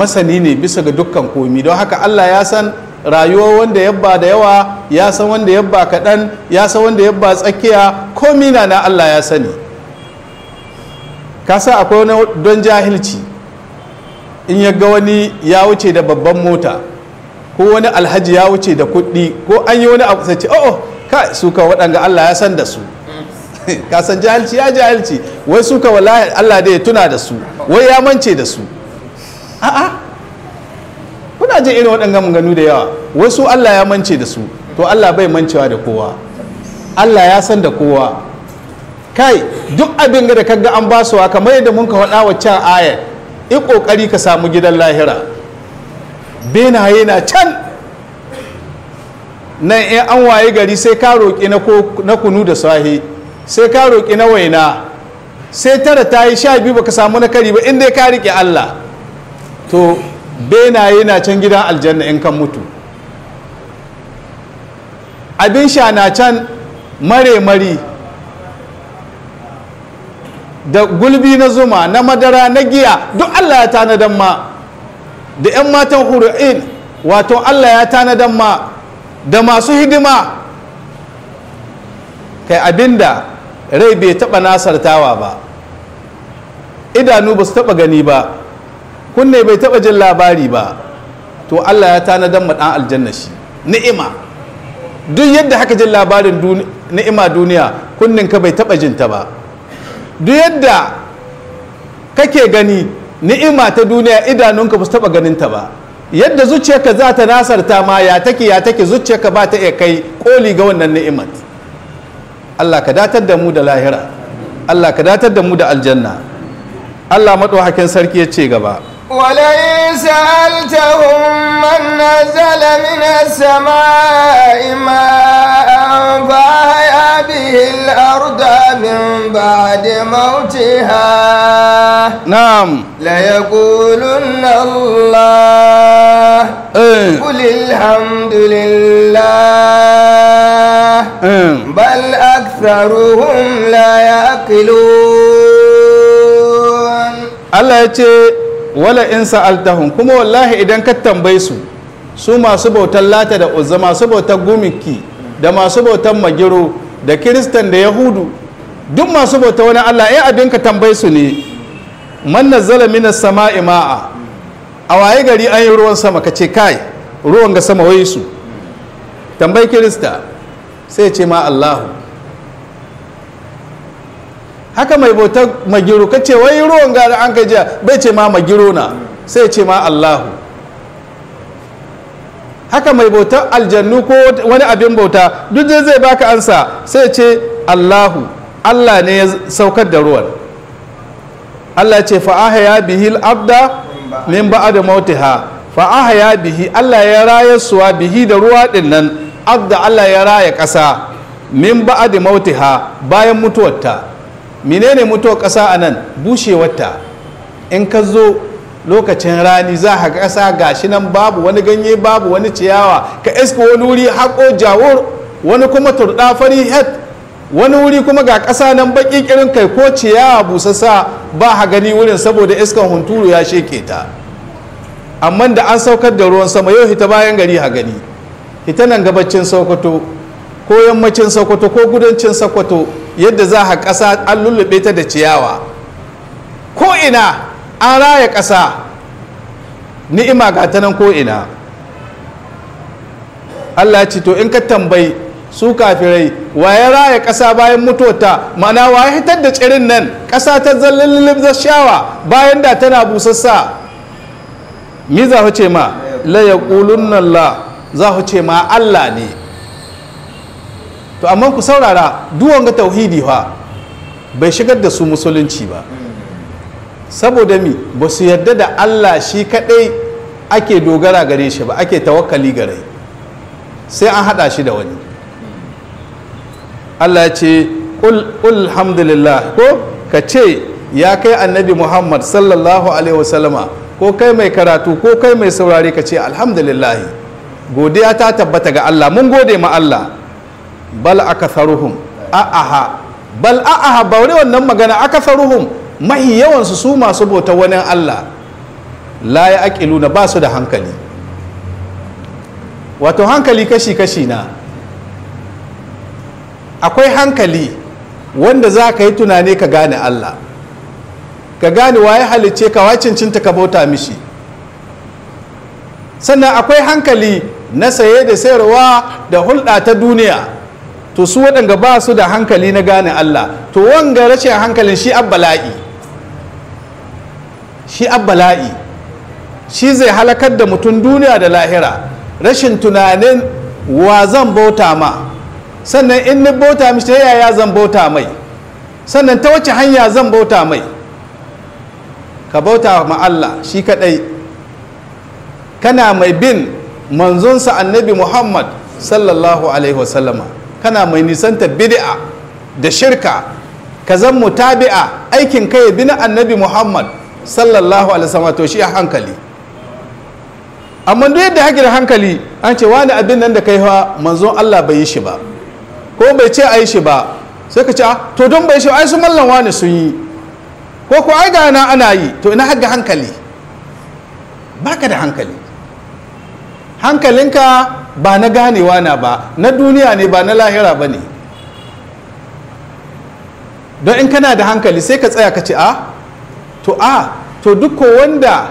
masani ne bisa ga dukkan komi don haka Allah ya san rayuwa wanda yabba da yawa ya san wanda yabba kaɗan ya san wanda yabba tsakiya komi na na Allah ya sani kasa akwai wani don jahilci in ya ga wani ya wuce da babban mota ko wani alhaji ya wuce da kuɗi ko an yi wani abu sace oh, oh ka su ka waɗanga Allah ya san da su ka san jahilci ya jahilci wai su ka wallahi Allah da ya tuna da su wai ya mance da su a'a kuna jin irin mun maganganu da yawa wai su Allah ya mance da su to Allah bai mancewa da kowa Allah ya san da kowa kai duk abin da ga an basuwa kamar yadda mun ka faɗa can ayar Yi ƙoƙari ka samu gidan lahira benaye na can nan in an waye gari sai ka roƙi na kunu da sahi sai ka roƙi na waina sai tara ta yi sha biyu baka samu na kari ba inda ka riƙe Allah to benaye na can gidan aljanna in kan mutu abin sha na can mare mari da gulbi na zuma na madara na giya duk Allah ya tanadan ma da 'yan matan huru'in wato Allah ya tanadan ma da masu hidima kai abinda rai bai taɓa nasartawa ba idanu ba su taɓa gani ba kunne bai taɓa jin labari ba to Allah ya tanadan ma dan aljanna shi ni'ima duk yadda haka jin labarin ni'ima duniya ka bai taɓa jinta ba duk yadda kake gani ni'ima ta duniya idanunka ba su taba ganin ta ba yadda zuciyarka za ta nasarta ma ya take ya take zuciyarka ba ta iya kai koli ga wannan ni'imat Allah ka datar da mu da lahira Allah ka datar da mu da aljanna Allah maɗaukakin sarki ya ce gaba ولئن سألتهم من نزل من السماء ماء الأرض من بعد موتها نعم ليقولن الله قل الحمد لله بل أكثرهم لا يأكلون الله يتي ولا إن ألتهم كما والله إذا كتن بيسو سوما سبو bautar دا da سبو masu bautar gumiki da masu bautar magiro da kiristan da yahudu duk masu bauta wani allah ya eh, abinka tambayi su ne man nazzala minas sama'i ma'a a waye gari an yi ruwan sama ka ce kai ruwan ga sama wai su tambayi kirista sai ce ma allahu haka mai bautar magiro ka ce wai ruwan gari an ka jiya bai ce ma magiro na sai ce ma allahu haka mai bautar aljannu ko wani abin bauta duk da zai baka ansa sai ce allahu allah ne ya saukar da ruwan allah ce ya bihi al'abda min ba'ada mautiha ya bihi allah ya raya suwa bihi da ruwa din nan abda allah ya raya kasa min da mautiha bayan mutuwarta menene mutuwar kasa a nan bushewarta in ka zo lokacin rani za a ga shi nan babu wani ganye babu wani ciyawa ka iska wani wuri haƙo jawur wani kuma turɗa fari het wani wuri kuma ga ƙasa nan baƙi ƙirin kai ko ciyawa busassa ba ha gani wurin saboda iskan hunturu ya sheke ta amma da an saukar da ruwan sama yau hita bayan gari ha gani hita nan gabacin sokoto ko yammacin sokoto ko gudancin sokoto yadda za a ƙasa an lullube ta da ciyawa ko ina an raya ƙasa ni'ima ga ta nan ko'ina allah ce to in ka tambayi su kafirai waye raya ƙasa bayan mutuwata mana waye hitar da tsirin nan ƙasa ta zallin shawa bayan da tana busassa mi za ce ma la ya Allah za ce ma allah ne to amma ku saurara duwanga tauhidi fa bai shigar da su musulunci ba saboda mi ba su yarda da Allah shi kadai ake dogara gare shi ba ake tawakali gare sai an hada shi da wani Allah ya ce alhamdulillah ko ka ce ya kai annabi Muhammad sallallahu alaihi wasallama ko kai mai karatu ko kai mai saurari ka ce alhamdulillah godiya ta tabbata ga Allah mun gode ma Allah bal akatharuhum a'aha bal a'aha ba wannan magana akatharuhum mahi yawansu su masu bauta wani allah la ya aƙilu na ba su da hankali wato hankali kashi-kashi na akwai hankali wanda za ka yi tunani ka gane allah ka gane ya halicce ka wacincinta ka bauta mishi sannan akwai hankali na saye da sayarwa da hulɗa ta duniya to su waɗanda ba su da hankali na gane allah to wanga rashin hankalin shi abbala'i bala'i shi abbala'i shi zai halakar da mutum duniya da lahira rashin tunanin wa zan bauta ma sannan in ni bauta mishi ta yaya zan bauta mai sannan ta wace hanya zan bauta mai ka bauta ma Allah shi kadai kana mai bin manzonsa annabi Muhammad sallallahu alaihi wasallama kana mai nisanta bid'a da shirka ka zan mutabi'a aikin kai bi na annabi Muhammad sallallahu alaihi wasallam to shi a hankali amma duk yadda hakir hankali an ce wani abin nan da kai fa manzo Allah bai yi shi ba ko bai ce a shi ba sai ka ce ah, to don bai shi ai su mallan wani sun yi ko ko ai ga na ana yi to ina haka hankali baka da hankali hankalinka ba na ganewa na ba na duniya ne ba na lahira ba ne don in kana da hankali sai ka tsaya ka ce a ah, to a to duk wanda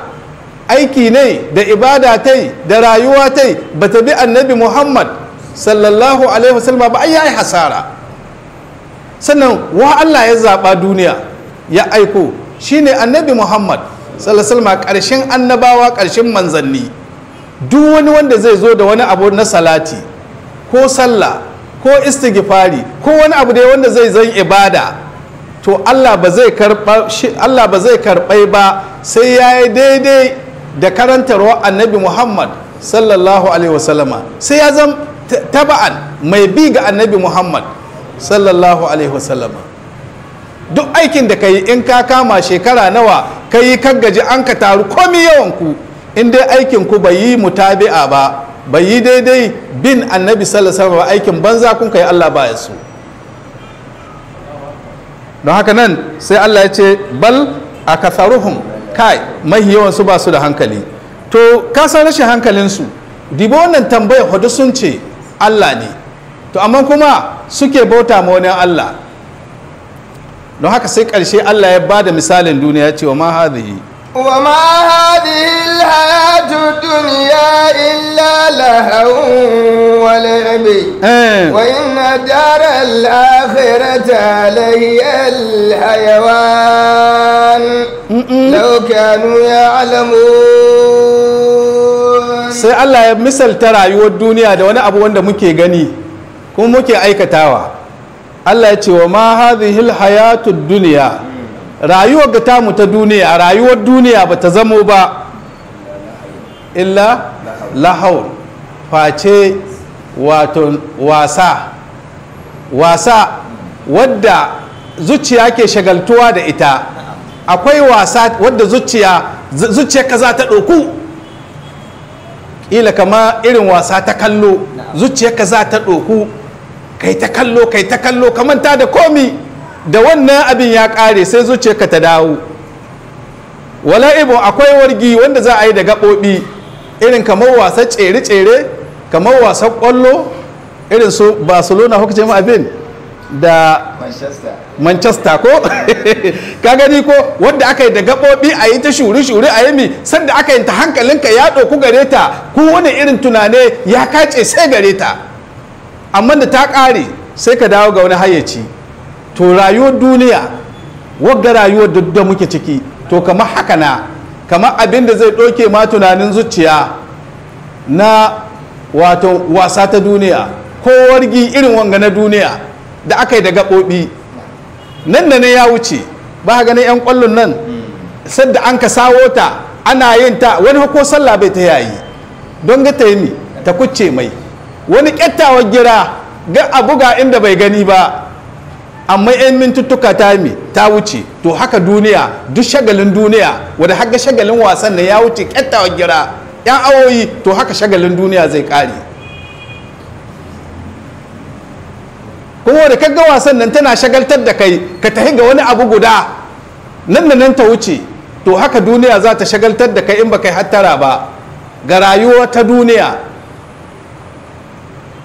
aiki ne da ibada ta da rayuwa ta ba ta bi annabi muhammad sallallahu alaihi wasallama ba ai yayi hasara sannan wa allah ya zaɓa duniya ya aiko shine annabi muhammad sallallahu alaihi karshen annabawa ƙarshen manzanni duk wani wanda zai zo da wani abu na salati ko sallah ko istighfari ko wani abu da wanda zai zan ibada to Allah ba zai karɓai ba sai ya yi daidai da karantarwa annabi Muhammad sallallahu alaihi wasallama sai ya zama taba'an mai bi ga annabi Muhammad sallallahu alaihi wasallama duk aikin da ka yi in ka kama shekara nawa ka yi kaggaji an ka taru komi yawanku in dai aikin ku bai yi mutabi'a ba bai yi daidai bin annabi sallallahu alaihi wasallama aikin banza kun ka yi Allah ba ya so don haka nan sai Allah ya ce bal a kasaruhun kai mahi yawan su ba su da hankali to ka san rashin hankalinsu dibo wannan tambaya hudu sun ce Allah ne to amma kuma suke bauta ma wani Allah don haka sai karshe Allah ya ba da misalin duniya ce wa ma hadhihi وما هذه الحياة الدنيا إلا لهو ولعب وإن دار الآخرة لهي الحيوان لو كانوا يعلمون sai Allah ya misalta rayuwar duniya da wani abu wanda muke gani kuma muke aikatawa Allah ya ce wa ma hadhihi hayatu duniya rayuwar ga tamu ta duniya a rayuwar duniya ba ta zamo ba illa lahaur face wato wasa wasa wadda zuciya ke shagaltuwa da ita akwai wasa wadda zuciya zuciya ka za ta ɗauku ila kama irin wasa ta kallo zuciya ka za ta ɗauku kai ta kallo kai ta kallo kamanta da komi da wannan abin ya ƙare sai zuciyarka ta dawo wala ibo akwai wargi wanda za a yi da gaɓoɓi irin kamar wasa tsere-tsere kamar wasa ƙwallo irin su barcelona ce abin da manchester ko ka gani ko wanda aka yi da gaɓoɓi a yi ta shuri-shuri a yami sanda aka yi ta hankalinka ya ɗauku gare ta ko wani irin tunane ya kace sai gare ta amma da ta ƙare sai ka dawo ga wani hayyaci to rayuwar duniya wadda rayuwar da muke ciki to kamar haka na Kama abin da zai ɗauke ma tunanin zuciya na wato wasa ta duniya ko wargi irin wanga na duniya da aka yi da gaɓoɓi nan da ne ya wuce ba ganin 'yan ƙwallon nan da an ka sawo ta ana yin ta wani hako sallah bai ta yayi don ga taimi ta kucce mai wani ƙyattawar gira ga abu ga inda bai gani ba amma yan mintuttuka ta mi ta wuce to haka duniya duk shagalin duniya wadda haka shagalin wasan na ya wuce wa gira yan awoyi to haka shagalin duniya zai kare kuma da ga wasan nan tana shagaltar da kai ka tahi ga wani abu guda nan da nan ta wuce to haka duniya za ta shagaltar da kai in ba kai hattara ba ga rayuwa ta duniya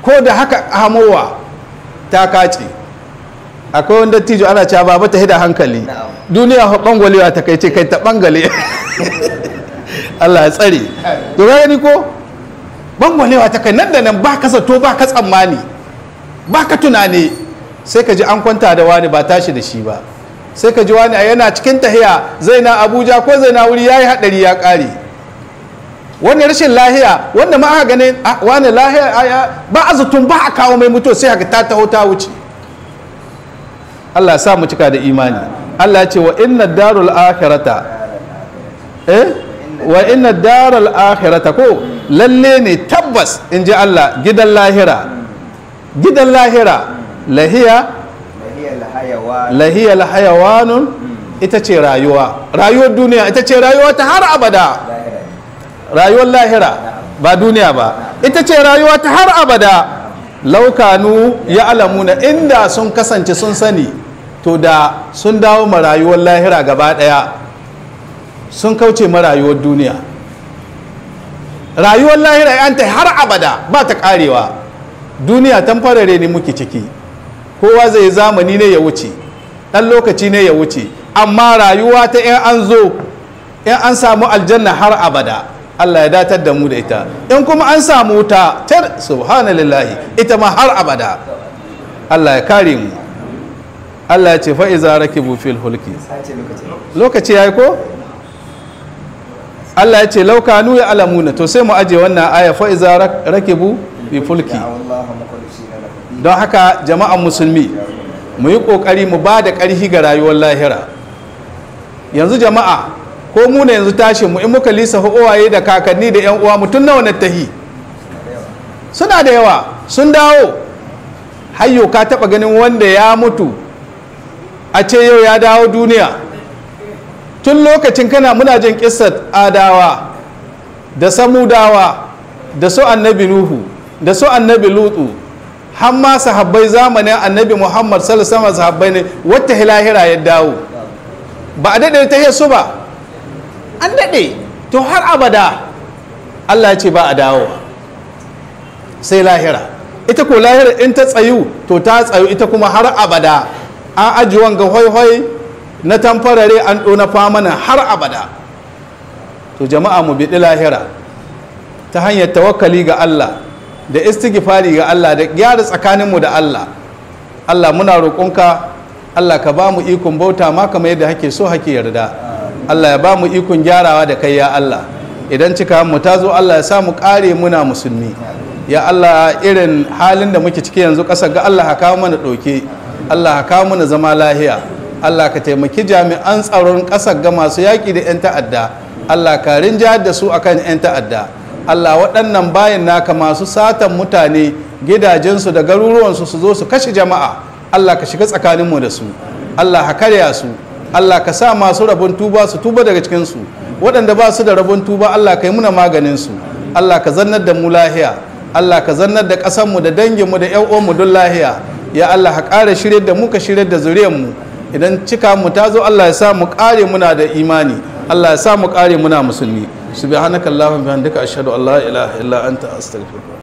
ko da haka hamowa ta kace akwai wanda tijo ana cewa ba ta hida hankali duniya bangwalewa ta kai ce kai ta bangale Allah ya tsare to ga ni ko bangwalewa ta kai nan da nan ba ka zato ba ka tsammani ba ka tunani sai ka ji an kwanta da wani ba tashi da shi ba sai ka ji wani yana cikin tahiya zai na abuja ko zai na wuri ya yi haɗari ya ƙare wannan rashin lahiya wanda ma aka ganin wani lahiya ba azutun ba a kawo mai mutuwa sai haka ta taho ta wuce Allah sa mu cika da imani Allah ce wa inna darul akhirata eh wa inna darul akhirata ko lalle ne tabbas in ji Allah gidan lahira gidan lahira lahiya lahiya lahayawan ita ce rayuwa rayuwar duniya ita ce rayuwa ta har abada rayuwar lahira ba duniya ba ita ce rayuwa ta har abada laukanu ya alamuna inda sun kasance sun sani to da sun dawo marayuwar lahira gaba ɗaya sun kauce marayuwar duniya rayuwar lahira an ta har abada ba ta karewa duniya farare ne muke ciki kowa zai zamani ne ya wuce ɗan lokaci ne ya wuce amma rayuwa ta 'yan an zo 'yan an samu aljanna har abada Allah ya datar da mu da ita in kuma an samu ta tar subhanallahi ita ma har abada Allah ya kare mu Allah ya ce fa'iza rake fil hulki lokaci ya yi ko? Allah ya ce nu ya alamuna to sai mu aje wannan aya fa'iza rake fi fulki don haka jama'an musulmi mu yi ƙoƙari mu ba da ƙarfi ga rayuwar lahira yanzu jama'a ko mu na yanzu tashi mu in muka lisa uwaye da kakanni da 'yan uwa mutum nawa na tahi suna da yawa sun dawo hayyo ka taɓa ganin wanda ya mutu a ce yau ya dawo duniya tun lokacin kana muna jin kisar adawa da samudawa da su annabi nuhu da su annabi lutu har ma sahabbai zamanin annabi muhammad sallallahu sahabbai ne wata hilahira ya dawo ba a daɗe ta su ba an daɗe to har abada allah ce ba a dawo sai lahira ita ko lahira in ta tsayu to ta tsayu ita kuma har abada an aji wanga hoi na tamfarare an ɗona famana har abada to jama'a mu biɗi lahira ta hanyar tawakkali ga Allah da istighfari ga Allah da gyara tsakaninmu da Allah Allah muna roƙonka Allah ka ba mu ikon bauta ma kamar yadda hake so hake yarda Allah ya ba mu ikon gyarawa da kai ya Allah idan cika mu ta zo Allah ya sa mu kare muna musulmi ya Allah irin halin da muke ciki yanzu ƙasa ga Allah ha kawo mana ɗauke Allah ka mu na zama lahiya Allah ka taimaki jami'an tsaron ƙasar ga masu yaƙi da 'yan ta'adda Allah ka rinja da su akan 'yan ta'adda Allah waɗannan bayan naka masu satan mutane gidajensu da garuruwansu su zo su kashe jama'a Allah ka shiga tsakaninmu da su Allah ka karya su Allah ka sa masu rabon tuba su tuba daga cikinsu waɗanda ba su da rabon tuba Allah ka yi muna maganin su Allah ka zannar da mu lahiya Allah ka zannar da ƙasarmu da danginmu da 'yan uwanmu don lahiya ya Allah ka ƙara shiryar da muka shiryar da zuriyar mu idan cika mu ta zo Allah ya sa mu ƙare muna da imani Allah ya sa mu ƙare muna musulmi subhanakallahumma bihamdika ashhadu an la ilaha illa anta astaghfiruka